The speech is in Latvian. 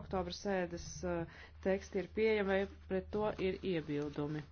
oktobra sēdes eh, teksti ir pieejami, pret to ir iebildumi.